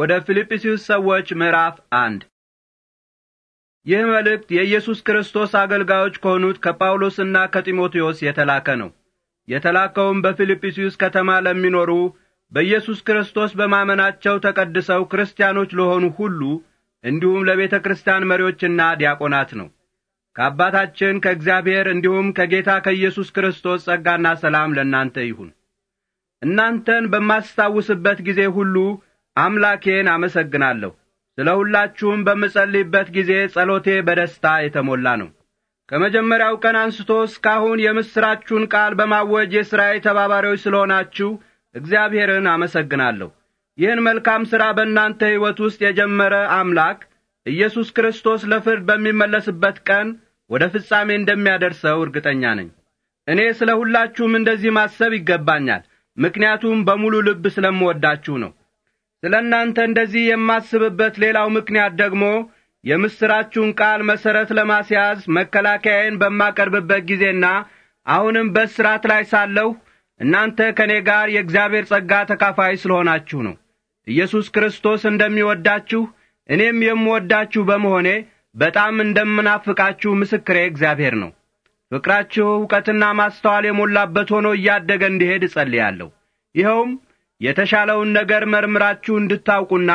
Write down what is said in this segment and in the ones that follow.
ወደ ፊልጵስዩስ ሰዎች ምዕራፍ አንድ ይህ መልእክት የኢየሱስ ክርስቶስ አገልጋዮች ከሆኑት ከጳውሎስና ከጢሞቴዎስ የተላከ ነው። የተላከውም በፊልጵስዩስ ከተማ ለሚኖሩ በኢየሱስ ክርስቶስ በማመናቸው ተቀድሰው ክርስቲያኖች ለሆኑ ሁሉ እንዲሁም ለቤተ ክርስቲያን መሪዎችና ዲያቆናት ነው። ከአባታችን ከእግዚአብሔር እንዲሁም ከጌታ ከኢየሱስ ክርስቶስ ጸጋና ሰላም ለእናንተ ይሁን። እናንተን በማስታውስበት ጊዜ ሁሉ አምላኬን አመሰግናለሁ። ስለ ሁላችሁም በምጸልይበት ጊዜ ጸሎቴ በደስታ የተሞላ ነው። ከመጀመሪያው ቀን አንስቶ እስካሁን የምሥራችሁን ቃል በማወጅ የሥራዬ ተባባሪዎች ስለሆናችሁ እግዚአብሔርን አመሰግናለሁ። ይህን መልካም ሥራ በእናንተ ሕይወት ውስጥ የጀመረ አምላክ ኢየሱስ ክርስቶስ ለፍርድ በሚመለስበት ቀን ወደ ፍጻሜ እንደሚያደርሰው እርግጠኛ ነኝ። እኔ ስለ ሁላችሁም እንደዚህ ማሰብ ይገባኛል፣ ምክንያቱም በሙሉ ልብ ስለምወዳችሁ ነው። ስለ እናንተ እንደዚህ የማስብበት ሌላው ምክንያት ደግሞ የምሥራችሁን ቃል መሠረት ለማስያዝ መከላከያዬን በማቀርብበት ጊዜና አሁንም በሥርዓት ላይ ሳለሁ እናንተ ከእኔ ጋር የእግዚአብሔር ጸጋ ተካፋይ ስለሆናችሁ ነው። ኢየሱስ ክርስቶስ እንደሚወዳችሁ እኔም የምወዳችሁ በመሆኔ በጣም እንደምናፍቃችሁ ምስክሬ እግዚአብሔር ነው። ፍቅራችሁ እውቀትና ማስተዋል የሞላበት ሆኖ እያደገ እንዲሄድ እጸልያለሁ። ይኸውም የተሻለውን ነገር መርምራችሁ እንድታውቁና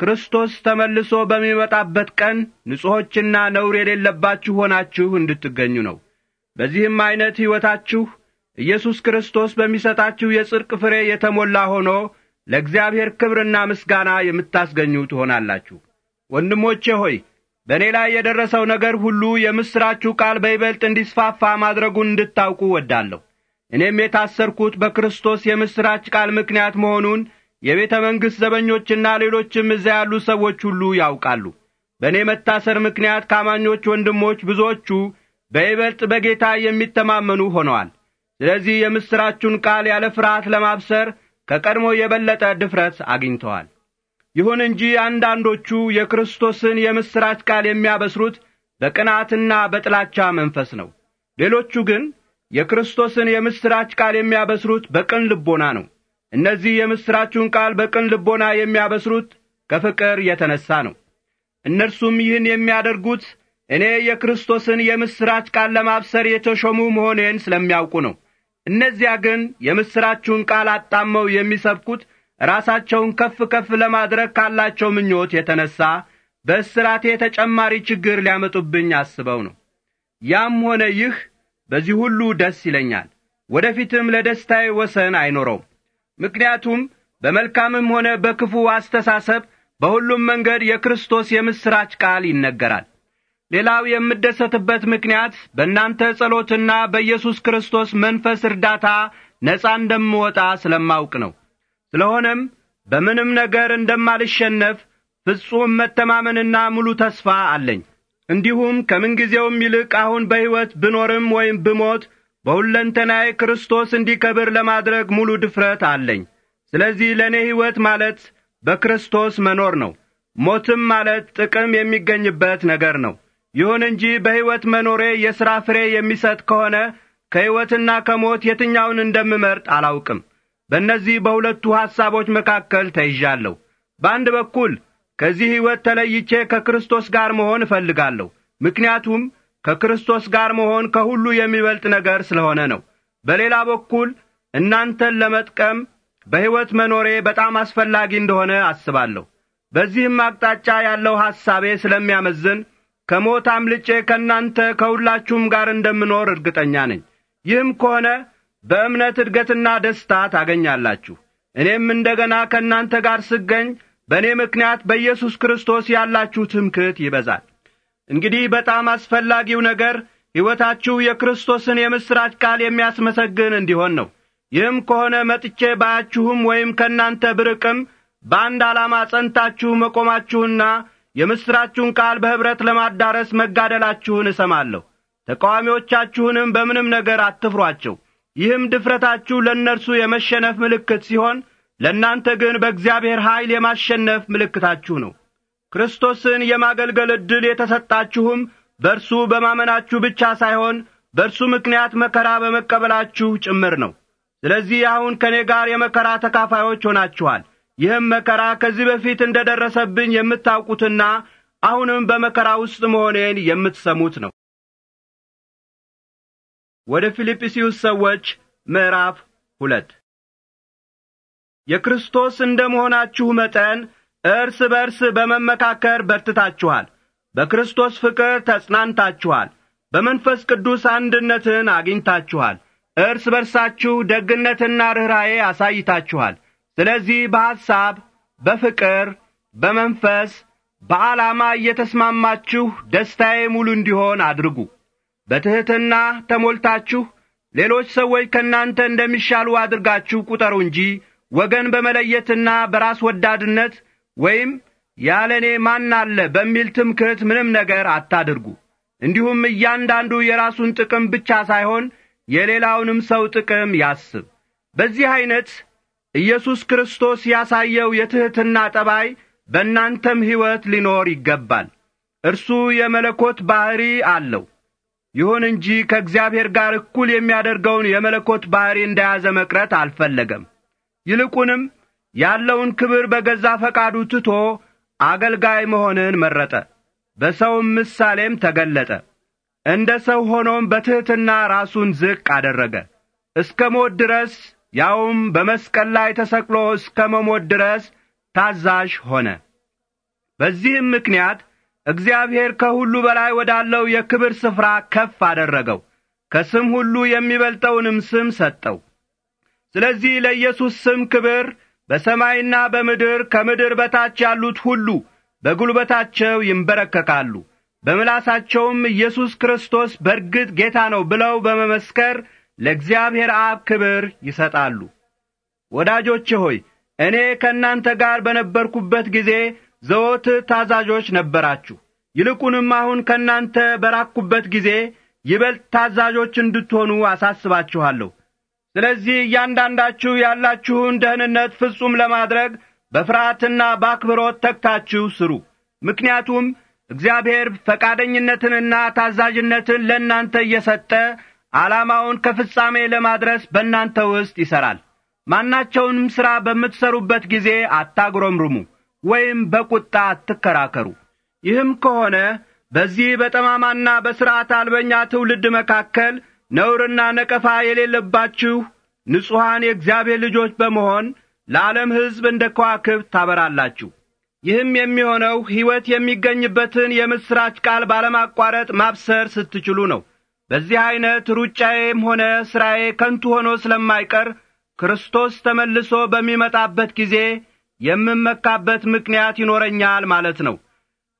ክርስቶስ ተመልሶ በሚመጣበት ቀን ንጹሖችና ነውር የሌለባችሁ ሆናችሁ እንድትገኙ ነው። በዚህም ዐይነት ሕይወታችሁ ኢየሱስ ክርስቶስ በሚሰጣችሁ የጽድቅ ፍሬ የተሞላ ሆኖ ለእግዚአብሔር ክብርና ምስጋና የምታስገኙ ትሆናላችሁ። ወንድሞቼ ሆይ በእኔ ላይ የደረሰው ነገር ሁሉ የምሥራችሁ ቃል በይበልጥ እንዲስፋፋ ማድረጉን እንድታውቁ ወዳለሁ። እኔም የታሰርኩት በክርስቶስ የምሥራች ቃል ምክንያት መሆኑን የቤተ መንግሥት ዘበኞችና ሌሎችም እዚያ ያሉ ሰዎች ሁሉ ያውቃሉ። በእኔ መታሰር ምክንያት ከአማኞች ወንድሞች ብዙዎቹ በይበልጥ በጌታ የሚተማመኑ ሆነዋል። ስለዚህ የምሥራቹን ቃል ያለ ፍርሃት ለማብሰር ከቀድሞ የበለጠ ድፍረት አግኝተዋል። ይሁን እንጂ አንዳንዶቹ የክርስቶስን የምሥራች ቃል የሚያበስሩት በቅናትና በጥላቻ መንፈስ ነው። ሌሎቹ ግን የክርስቶስን የምሥራች ቃል የሚያበስሩት በቅን ልቦና ነው። እነዚህ የምሥራቹን ቃል በቅን ልቦና የሚያበስሩት ከፍቅር የተነሣ ነው። እነርሱም ይህን የሚያደርጉት እኔ የክርስቶስን የምሥራች ቃል ለማብሰር የተሾሙ መሆኔን ስለሚያውቁ ነው። እነዚያ ግን የምሥራቹን ቃል አጣመው የሚሰብኩት ራሳቸውን ከፍ ከፍ ለማድረግ ካላቸው ምኞት የተነሣ በእስራቴ ተጨማሪ ችግር ሊያመጡብኝ አስበው ነው። ያም ሆነ ይህ በዚህ ሁሉ ደስ ይለኛል። ወደፊትም ለደስታዬ ወሰን አይኖረውም። ምክንያቱም በመልካምም ሆነ በክፉ አስተሳሰብ በሁሉም መንገድ የክርስቶስ የምሥራች ቃል ይነገራል። ሌላው የምደሰትበት ምክንያት በእናንተ ጸሎትና በኢየሱስ ክርስቶስ መንፈስ እርዳታ ነጻ እንደምወጣ ስለማውቅ ነው። ስለሆነም በምንም ነገር እንደማልሸነፍ ፍጹም መተማመንና ሙሉ ተስፋ አለኝ። እንዲሁም ከምንጊዜውም ይልቅ አሁን በሕይወት ብኖርም ወይም ብሞት በሁለንተናዬ ክርስቶስ እንዲከብር ለማድረግ ሙሉ ድፍረት አለኝ። ስለዚህ ለእኔ ሕይወት ማለት በክርስቶስ መኖር ነው፣ ሞትም ማለት ጥቅም የሚገኝበት ነገር ነው። ይሁን እንጂ በሕይወት መኖሬ የሥራ ፍሬ የሚሰጥ ከሆነ ከሕይወትና ከሞት የትኛውን እንደምመርጥ አላውቅም። በእነዚህ በሁለቱ ሐሳቦች መካከል ተይዣለሁ። በአንድ በኩል ከዚህ ሕይወት ተለይቼ ከክርስቶስ ጋር መሆን እፈልጋለሁ። ምክንያቱም ከክርስቶስ ጋር መሆን ከሁሉ የሚበልጥ ነገር ስለሆነ ነው። በሌላ በኩል እናንተን ለመጥቀም በሕይወት መኖሬ በጣም አስፈላጊ እንደሆነ አስባለሁ። በዚህም አቅጣጫ ያለው ሐሳቤ ስለሚያመዝን ከሞት አምልጬ ከእናንተ ከሁላችሁም ጋር እንደምኖር እርግጠኛ ነኝ። ይህም ከሆነ በእምነት እድገትና ደስታ ታገኛላችሁ። እኔም እንደገና ከእናንተ ጋር ስገኝ በእኔ ምክንያት በኢየሱስ ክርስቶስ ያላችሁ ትምክት ይበዛል። እንግዲህ በጣም አስፈላጊው ነገር ሕይወታችሁ የክርስቶስን የምሥራች ቃል የሚያስመሰግን እንዲሆን ነው። ይህም ከሆነ መጥቼ ባያችሁም ወይም ከእናንተ ብርቅም በአንድ ዓላማ ጸንታችሁ መቆማችሁና የምሥራችሁን ቃል በኅብረት ለማዳረስ መጋደላችሁን እሰማለሁ። ተቃዋሚዎቻችሁንም በምንም ነገር አትፍሯቸው። ይህም ድፍረታችሁ ለእነርሱ የመሸነፍ ምልክት ሲሆን ለእናንተ ግን በእግዚአብሔር ኀይል የማሸነፍ ምልክታችሁ ነው። ክርስቶስን የማገልገል ዕድል የተሰጣችሁም በእርሱ በማመናችሁ ብቻ ሳይሆን በእርሱ ምክንያት መከራ በመቀበላችሁ ጭምር ነው። ስለዚህ አሁን ከእኔ ጋር የመከራ ተካፋዮች ሆናችኋል። ይህም መከራ ከዚህ በፊት እንደ ደረሰብኝ የምታውቁትና አሁንም በመከራ ውስጥ መሆኔን የምትሰሙት ነው። ወደ ፊልጵስዩስ ሰዎች ምዕራፍ ሁለት የክርስቶስ እንደ መሆናችሁ መጠን እርስ በርስ በመመካከር በርትታችኋል፣ በክርስቶስ ፍቅር ተጽናንታችኋል፣ በመንፈስ ቅዱስ አንድነትን አግኝታችኋል፣ እርስ በርሳችሁ ደግነትና ርኅራዬ አሳይታችኋል። ስለዚህ በሐሳብ፣ በፍቅር፣ በመንፈስ፣ በዓላማ እየተስማማችሁ ደስታዬ ሙሉ እንዲሆን አድርጉ። በትሕትና ተሞልታችሁ ሌሎች ሰዎች ከእናንተ እንደሚሻሉ አድርጋችሁ ቁጠሩ እንጂ ወገን በመለየትና በራስ ወዳድነት ወይም ያለ እኔ ማን አለ በሚል ትምክህት ምንም ነገር አታድርጉ። እንዲሁም እያንዳንዱ የራሱን ጥቅም ብቻ ሳይሆን የሌላውንም ሰው ጥቅም ያስብ። በዚህ ዐይነት ኢየሱስ ክርስቶስ ያሳየው የትሕትና ጠባይ በእናንተም ሕይወት ሊኖር ይገባል። እርሱ የመለኮት ባሕሪ አለው። ይሁን እንጂ ከእግዚአብሔር ጋር እኩል የሚያደርገውን የመለኮት ባሕሪ እንደያዘ መቅረት አልፈለገም። ይልቁንም ያለውን ክብር በገዛ ፈቃዱ ትቶ አገልጋይ መሆንን መረጠ። በሰውም ምሳሌም ተገለጠ። እንደ ሰው ሆኖም በትሕትና ራሱን ዝቅ አደረገ። እስከ ሞት ድረስ ያውም በመስቀል ላይ ተሰቅሎ እስከ መሞት ድረስ ታዛዥ ሆነ። በዚህም ምክንያት እግዚአብሔር ከሁሉ በላይ ወዳለው የክብር ስፍራ ከፍ አደረገው፣ ከስም ሁሉ የሚበልጠውንም ስም ሰጠው። ስለዚህ ለኢየሱስ ስም ክብር በሰማይና በምድር ከምድር በታች ያሉት ሁሉ በጉልበታቸው ይንበረከካሉ፣ በምላሳቸውም ኢየሱስ ክርስቶስ በርግጥ ጌታ ነው ብለው በመመስከር ለእግዚአብሔር አብ ክብር ይሰጣሉ። ወዳጆቼ ሆይ እኔ ከእናንተ ጋር በነበርኩበት ጊዜ ዘወትር ታዛዦች ነበራችሁ። ይልቁንም አሁን ከእናንተ በራኩበት ጊዜ ይበልጥ ታዛዦች እንድትሆኑ አሳስባችኋለሁ። ስለዚህ እያንዳንዳችሁ ያላችሁን ደህንነት ፍጹም ለማድረግ በፍርሃትና በአክብሮት ተግታችሁ ስሩ። ምክንያቱም እግዚአብሔር ፈቃደኝነትንና ታዛዥነትን ለእናንተ እየሰጠ ዓላማውን ከፍጻሜ ለማድረስ በእናንተ ውስጥ ይሠራል። ማናቸውንም ሥራ በምትሠሩበት ጊዜ አታግሮምርሙ ወይም በቁጣ አትከራከሩ። ይህም ከሆነ በዚህ በጠማማና በሥርዓት አልበኛ ትውልድ መካከል ነውርና ነቀፋ የሌለባችሁ ንጹሐን የእግዚአብሔር ልጆች በመሆን ለዓለም ሕዝብ እንደ ከዋክብት ታበራላችሁ። ይህም የሚሆነው ሕይወት የሚገኝበትን የምሥራች ቃል ባለማቋረጥ ማብሰር ስትችሉ ነው። በዚህ ዐይነት ሩጫዬም ሆነ ሥራዬ ከንቱ ሆኖ ስለማይቀር ክርስቶስ ተመልሶ በሚመጣበት ጊዜ የምመካበት ምክንያት ይኖረኛል ማለት ነው።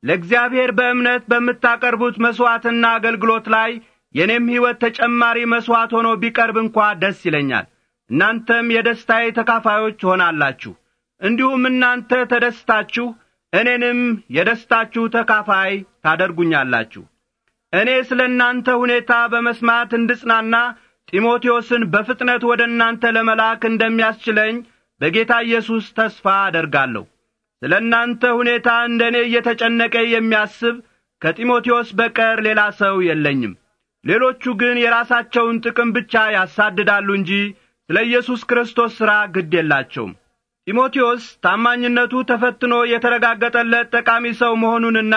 ለእግዚአብሔር በእምነት በምታቀርቡት መሥዋዕትና አገልግሎት ላይ የእኔም ሕይወት ተጨማሪ መሥዋዕት ሆኖ ቢቀርብ እንኳ ደስ ይለኛል። እናንተም የደስታዬ ተካፋዮች ትሆናላችሁ። እንዲሁም እናንተ ተደስታችሁ እኔንም የደስታችሁ ተካፋይ ታደርጉኛላችሁ። እኔ ስለ እናንተ ሁኔታ በመስማት እንድጽናና ጢሞቴዎስን በፍጥነት ወደ እናንተ ለመላክ እንደሚያስችለኝ በጌታ ኢየሱስ ተስፋ አደርጋለሁ። ስለ እናንተ ሁኔታ እንደ እኔ እየተጨነቀ የሚያስብ ከጢሞቴዎስ በቀር ሌላ ሰው የለኝም። ሌሎቹ ግን የራሳቸውን ጥቅም ብቻ ያሳድዳሉ እንጂ ስለ ኢየሱስ ክርስቶስ ሥራ ግድ የላቸውም። ጢሞቴዎስ ታማኝነቱ ተፈትኖ የተረጋገጠለት ጠቃሚ ሰው መሆኑንና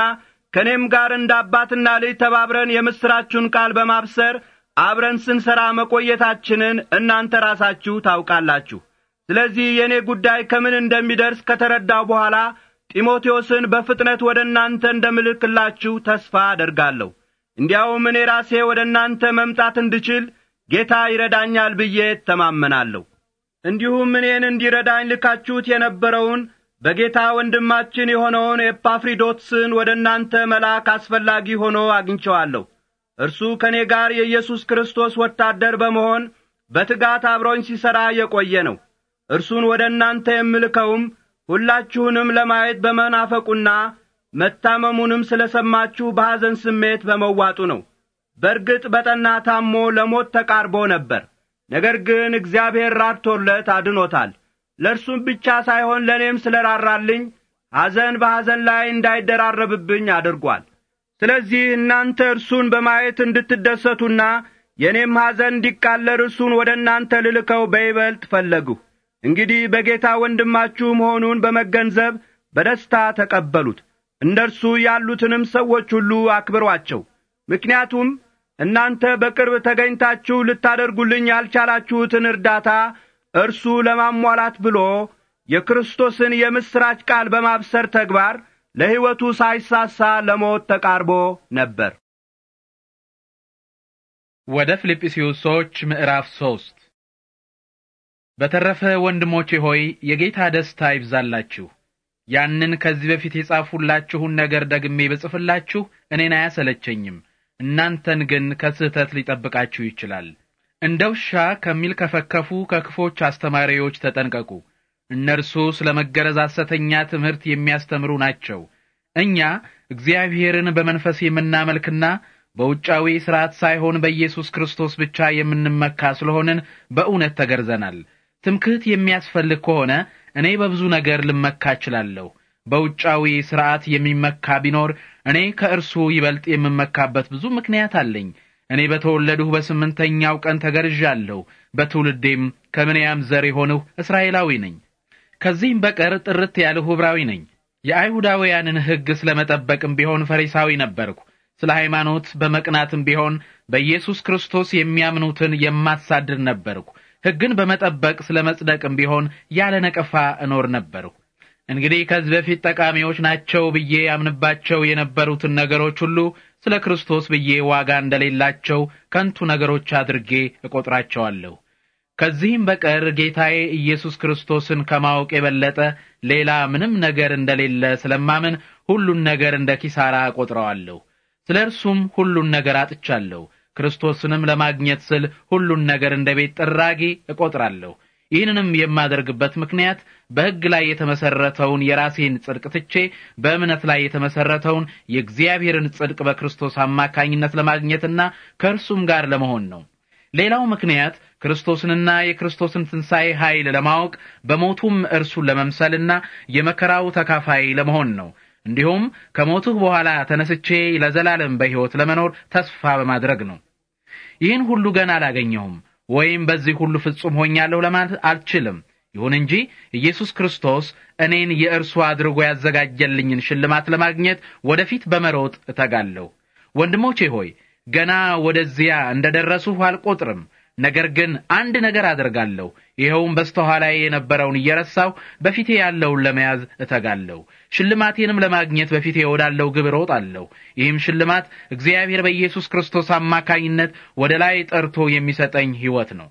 ከእኔም ጋር እንደ አባትና ልጅ ተባብረን የምሥራችሁን ቃል በማብሰር አብረን ስንሠራ መቆየታችንን እናንተ ራሳችሁ ታውቃላችሁ። ስለዚህ የእኔ ጉዳይ ከምን እንደሚደርስ ከተረዳው በኋላ ጢሞቴዎስን በፍጥነት ወደ እናንተ እንደምልክላችሁ ተስፋ አደርጋለሁ። እንዲያውም እኔ ራሴ ወደ እናንተ መምጣት እንድችል ጌታ ይረዳኛል ብዬ ተማመናለሁ። እንዲሁም እኔን እንዲረዳኝ ልካችሁት የነበረውን በጌታ ወንድማችን የሆነውን ኤጳፍሪዶትስን ወደ እናንተ መልአክ አስፈላጊ ሆኖ አግኝቸዋለሁ። እርሱ ከእኔ ጋር የኢየሱስ ክርስቶስ ወታደር በመሆን በትጋት አብሮኝ ሲሠራ የቆየ ነው። እርሱን ወደ እናንተ የምልከውም ሁላችሁንም ለማየት በመናፈቁና መታመሙንም ስለ ሰማችሁ በሐዘን ስሜት በመዋጡ ነው። በርግጥ በጠና ታሞ ለሞት ተቃርቦ ነበር። ነገር ግን እግዚአብሔር ራድቶለት አድኖታል። ለእርሱም ብቻ ሳይሆን ለእኔም ስለ ራራልኝ ሐዘን በሐዘን ላይ እንዳይደራረብብኝ አድርጓል። ስለዚህ እናንተ እርሱን በማየት እንድትደሰቱና የእኔም ሐዘን እንዲቃለር እርሱን ወደ እናንተ ልልከው በይበልጥ ፈለግሁ። እንግዲህ በጌታ ወንድማችሁ መሆኑን በመገንዘብ በደስታ ተቀበሉት። እንደ እርሱ ያሉትንም ሰዎች ሁሉ አክብሯቸው። ምክንያቱም እናንተ በቅርብ ተገኝታችሁ ልታደርጉልኝ ያልቻላችሁትን እርዳታ እርሱ ለማሟላት ብሎ የክርስቶስን የምሥራች ቃል በማብሰር ተግባር ለሕይወቱ ሳይሳሳ ለሞት ተቃርቦ ነበር። ወደ ፊልጵስዩሶች ምዕራፍ ሶስት በተረፈ ወንድሞቼ ሆይ የጌታ ደስታ ይብዛላችሁ። ያንን ከዚህ በፊት የጻፉላችሁን ነገር ደግሜ ብጽፍላችሁ እኔን አያሰለቸኝም፣ እናንተን ግን ከስህተት ሊጠብቃችሁ ይችላል። እንደ ውሻ ከሚልከፈከፉ ከክፎች አስተማሪዎች ተጠንቀቁ። እነርሱ ስለ መገረዝ ሐሰተኛ ትምህርት የሚያስተምሩ ናቸው። እኛ እግዚአብሔርን በመንፈስ የምናመልክና በውጫዊ ሥርዓት ሳይሆን በኢየሱስ ክርስቶስ ብቻ የምንመካ ስለሆንን በእውነት ተገርዘናል። ትምክህት የሚያስፈልግ ከሆነ እኔ በብዙ ነገር ልመካ እችላለሁ። በውጫዊ ሥርዓት የሚመካ ቢኖር እኔ ከእርሱ ይበልጥ የምመካበት ብዙ ምክንያት አለኝ። እኔ በተወለድሁ በስምንተኛው ቀን ተገርዣለሁ። በትውልዴም ከምንያም ዘር የሆንሁ እስራኤላዊ ነኝ። ከዚህም በቀር ጥርት ያልሁ ዕብራዊ ነኝ። የአይሁዳውያንን ሕግ ስለ መጠበቅም ቢሆን ፈሪሳዊ ነበርኩ። ስለ ሃይማኖት በመቅናትም ቢሆን በኢየሱስ ክርስቶስ የሚያምኑትን የማሳድር ነበርኩ። ሕግን በመጠበቅ ስለ መጽደቅም ቢሆን ያለ ነቀፋ እኖር ነበርሁ። እንግዲህ ከዚህ በፊት ጠቃሚዎች ናቸው ብዬ ያምንባቸው የነበሩትን ነገሮች ሁሉ ስለ ክርስቶስ ብዬ ዋጋ እንደሌላቸው ከንቱ ነገሮች አድርጌ እቆጥራቸዋለሁ። ከዚህም በቀር ጌታዬ ኢየሱስ ክርስቶስን ከማወቅ የበለጠ ሌላ ምንም ነገር እንደሌለ ስለማምን ሁሉን ነገር እንደ ኪሳራ እቆጥረዋለሁ። ስለ እርሱም ሁሉን ነገር አጥቻለሁ። ክርስቶስንም ለማግኘት ስል ሁሉን ነገር እንደ ቤት ጥራጊ እቆጥራለሁ። ይህንንም የማደርግበት ምክንያት በሕግ ላይ የተመሰረተውን የራሴን ጽድቅ ትቼ በእምነት ላይ የተመሰረተውን የእግዚአብሔርን ጽድቅ በክርስቶስ አማካኝነት ለማግኘትና ከእርሱም ጋር ለመሆን ነው። ሌላው ምክንያት ክርስቶስንና የክርስቶስን ትንሣኤ ኃይል ለማወቅ በሞቱም እርሱን ለመምሰልና የመከራው ተካፋይ ለመሆን ነው። እንዲሁም ከሞትህ በኋላ ተነስቼ ለዘላለም በሕይወት ለመኖር ተስፋ በማድረግ ነው። ይህን ሁሉ ገና አላገኘሁም ወይም በዚህ ሁሉ ፍጹም ሆኛለሁ ለማለት አልችልም። ይሁን እንጂ ኢየሱስ ክርስቶስ እኔን የእርሱ አድርጎ ያዘጋጀልኝን ሽልማት ለማግኘት ወደፊት በመሮጥ እተጋለሁ። ወንድሞቼ ሆይ ገና ወደዚያ እንደ ደረስሁ አልቆጥርም። ነገር ግን አንድ ነገር አደርጋለሁ፣ ይኸውም በስተኋላዬ የነበረውን እየረሳሁ በፊቴ ያለውን ለመያዝ እተጋለሁ። ሽልማቴንም ለማግኘት በፊቴ ወዳለው ግብ እሮጣለሁ። ይህም ሽልማት እግዚአብሔር በኢየሱስ ክርስቶስ አማካኝነት ወደ ላይ ጠርቶ የሚሰጠኝ ሕይወት ነው።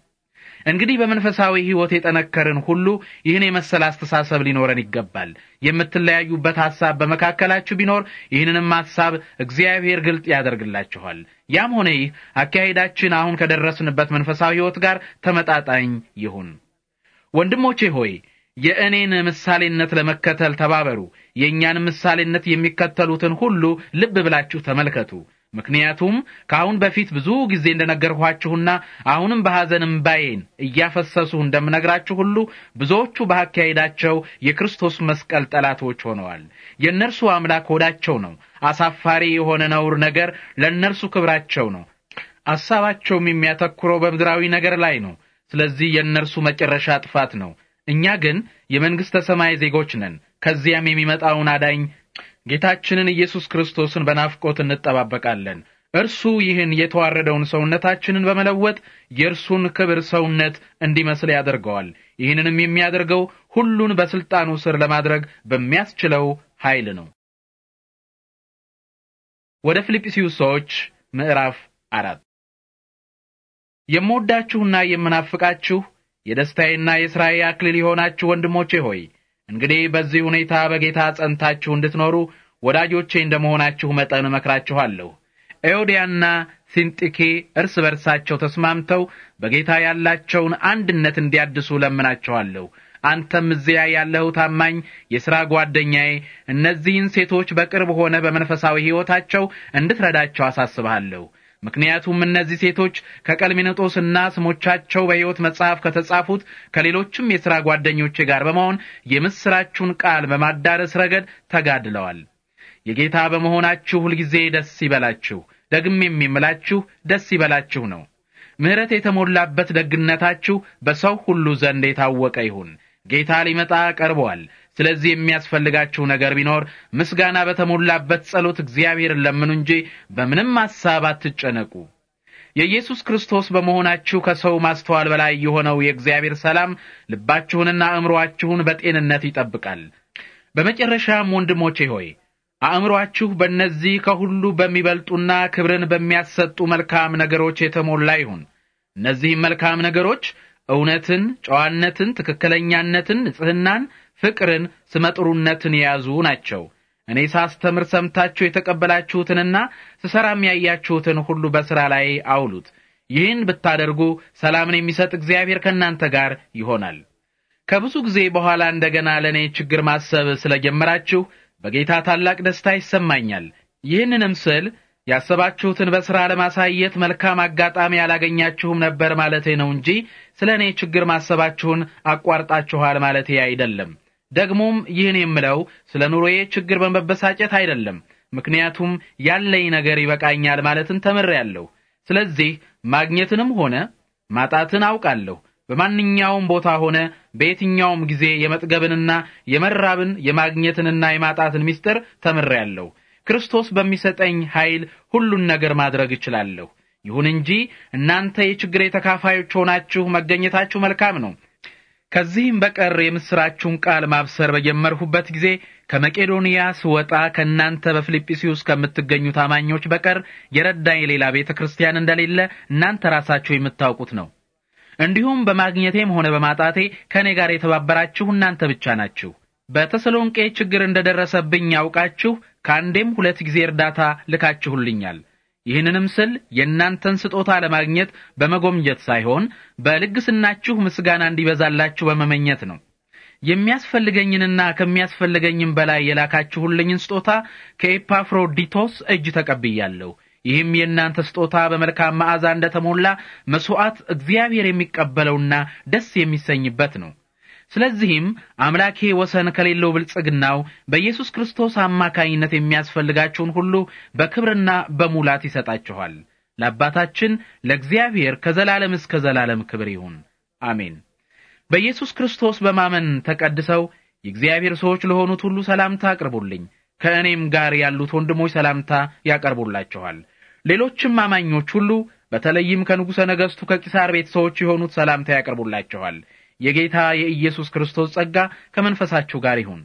እንግዲህ በመንፈሳዊ ሕይወት የጠነከርን ሁሉ ይህን የመሰለ አስተሳሰብ ሊኖረን ይገባል። የምትለያዩበት ሐሳብ በመካከላችሁ ቢኖር ይህንንም ሐሳብ እግዚአብሔር ግልጥ ያደርግላችኋል። ያም ሆነ ይህ አካሄዳችን አሁን ከደረስንበት መንፈሳዊ ሕይወት ጋር ተመጣጣኝ ይሁን። ወንድሞቼ ሆይ የእኔን ምሳሌነት ለመከተል ተባበሩ። የእኛን ምሳሌነት የሚከተሉትን ሁሉ ልብ ብላችሁ ተመልከቱ። ምክንያቱም ከአሁን በፊት ብዙ ጊዜ እንደነገርኋችሁና አሁንም በሐዘን እምባዬን እያፈሰሱ እንደምነግራችሁ ሁሉ ብዙዎቹ በአካሄዳቸው የክርስቶስ መስቀል ጠላቶች ሆነዋል። የእነርሱ አምላክ ሆዳቸው ነው። አሳፋሪ የሆነ ነውር ነገር ለእነርሱ ክብራቸው ነው። አሳባቸውም የሚያተኩረው በምድራዊ ነገር ላይ ነው። ስለዚህ የእነርሱ መጨረሻ ጥፋት ነው። እኛ ግን የመንግሥተ ሰማይ ዜጎች ነን። ከዚያም የሚመጣውን አዳኝ ጌታችንን ኢየሱስ ክርስቶስን በናፍቆት እንጠባበቃለን። እርሱ ይህን የተዋረደውን ሰውነታችንን በመለወጥ የእርሱን ክብር ሰውነት እንዲመስል ያደርገዋል። ይህንንም የሚያደርገው ሁሉን በሥልጣኑ ስር ለማድረግ በሚያስችለው ኃይል ነው። ወደ ፊልጵስዩስ ሰዎች ምዕራፍ አራት የምወዳችሁና የምናፍቃችሁ የደስታዬና የሥራዬ አክሊል የሆናችሁ ወንድሞቼ ሆይ እንግዲህ በዚህ ሁኔታ በጌታ ጸንታችሁ እንድትኖሩ ወዳጆቼ መሆናችሁ መጠን እመክራችኋለሁ። ኤዮድያና ሲንጢኬ እርስ በርሳቸው ተስማምተው በጌታ ያላቸውን አንድነት እንዲያድሱ ለምናችኋለሁ። አንተም እዚያ ያለው ታማኝ የሥራ ጓደኛዬ እነዚህን ሴቶች በቅርብ ሆነ በመንፈሳዊ ሕይወታቸው እንድትረዳቸው አሳስብሃለሁ። ምክንያቱም እነዚህ ሴቶች ከቀልሚነጦስና ስሞቻቸው በሕይወት መጽሐፍ ከተጻፉት ከሌሎችም የሥራ ጓደኞቼ ጋር በመሆን የምሥራችሁን ቃል በማዳረስ ረገድ ተጋድለዋል። የጌታ በመሆናችሁ ሁልጊዜ ደስ ይበላችሁ። ደግም የሚምላችሁ ደስ ይበላችሁ ነው። ምሕረት የተሞላበት ደግነታችሁ በሰው ሁሉ ዘንድ የታወቀ ይሁን። ጌታ ሊመጣ ቀርቧል። ስለዚህ የሚያስፈልጋችሁ ነገር ቢኖር ምስጋና በተሞላበት ጸሎት እግዚአብሔርን ለምኑ እንጂ በምንም ሐሳብ አትጨነቁ። የኢየሱስ ክርስቶስ በመሆናችሁ ከሰው ማስተዋል በላይ የሆነው የእግዚአብሔር ሰላም ልባችሁንና አእምሮአችሁን በጤንነት ይጠብቃል። በመጨረሻም ወንድሞቼ ሆይ አእምሮአችሁ በእነዚህ ከሁሉ በሚበልጡና ክብርን በሚያሰጡ መልካም ነገሮች የተሞላ ይሁን። እነዚህም መልካም ነገሮች እውነትን፣ ጨዋነትን፣ ትክክለኛነትን፣ ንጽሕናን፣ ፍቅርን፣ ስመጥሩነትን የያዙ ናቸው። እኔ ሳስተምር ሰምታችሁ የተቀበላችሁትንና ስሰራም ያያችሁትን ሁሉ በሥራ ላይ አውሉት። ይህን ብታደርጉ ሰላምን የሚሰጥ እግዚአብሔር ከእናንተ ጋር ይሆናል። ከብዙ ጊዜ በኋላ እንደገና ለእኔ ችግር ማሰብ ስለጀመራችሁ በጌታ ታላቅ ደስታ ይሰማኛል። ይህንንም ስል ያሰባችሁትን በሥራ ለማሳየት መልካም አጋጣሚ አላገኛችሁም ነበር ማለቴ ነው እንጂ ስለ እኔ ችግር ማሰባችሁን አቋርጣችኋል ማለቴ አይደለም። ደግሞም ይህን የምለው ስለ ኑሮዬ ችግር በመበሳጨት አይደለም፣ ምክንያቱም ያለኝ ነገር ይበቃኛል ማለትን ተምሬያለሁ። ስለዚህ ማግኘትንም ሆነ ማጣትን አውቃለሁ። በማንኛውም ቦታ ሆነ በየትኛውም ጊዜ የመጥገብንና የመራብን የማግኘትንና የማጣትን ምስጢር ተምሬያለሁ። ክርስቶስ በሚሰጠኝ ኃይል ሁሉን ነገር ማድረግ እችላለሁ። ይሁን እንጂ እናንተ የችግሬ ተካፋዮች ሆናችሁ መገኘታችሁ መልካም ነው። ከዚህም በቀር የምሥራችሁን ቃል ማብሰር በጀመርሁበት ጊዜ ከመቄዶንያ ስወጣ ከእናንተ በፊልጵስዩስ ከምትገኙ ታማኞች በቀር የረዳኝ ሌላ ቤተ ክርስቲያን እንደሌለ እናንተ ራሳችሁ የምታውቁት ነው። እንዲሁም በማግኘቴም ሆነ በማጣቴ ከእኔ ጋር የተባበራችሁ እናንተ ብቻ ናችሁ። በተሰሎንቄ ችግር እንደደረሰብኝ ያውቃችሁ ከአንዴም ሁለት ጊዜ እርዳታ ልካችሁልኛል። ይህንንም ስል የእናንተን ስጦታ ለማግኘት በመጎምጀት ሳይሆን በልግስናችሁ ምስጋና እንዲበዛላችሁ በመመኘት ነው። የሚያስፈልገኝንና ከሚያስፈልገኝም በላይ የላካችሁልኝን ስጦታ ከኤፓፍሮዲቶስ እጅ ተቀብያለሁ። ይህም የእናንተ ስጦታ በመልካም መዓዛ እንደተሞላ መሥዋዕት እግዚአብሔር የሚቀበለውና ደስ የሚሰኝበት ነው። ስለዚህም አምላኬ ወሰን ከሌለው ብልጽግናው በኢየሱስ ክርስቶስ አማካኝነት የሚያስፈልጋችሁን ሁሉ በክብርና በሙላት ይሰጣችኋል። ለአባታችን ለእግዚአብሔር ከዘላለም እስከ ዘላለም ክብር ይሁን፣ አሜን። በኢየሱስ ክርስቶስ በማመን ተቀድሰው የእግዚአብሔር ሰዎች ለሆኑት ሁሉ ሰላምታ አቅርቡልኝ። ከእኔም ጋር ያሉት ወንድሞች ሰላምታ ያቀርቡላችኋል። ሌሎችም አማኞች ሁሉ በተለይም ከንጉሠ ነገሥቱ ከቂሳር ሰዎች የሆኑት ሰላምታ ያቀርቡላችኋል። የጌታ የኢየሱስ ክርስቶስ ጸጋ ከመንፈሳችሁ ጋር ይሁን።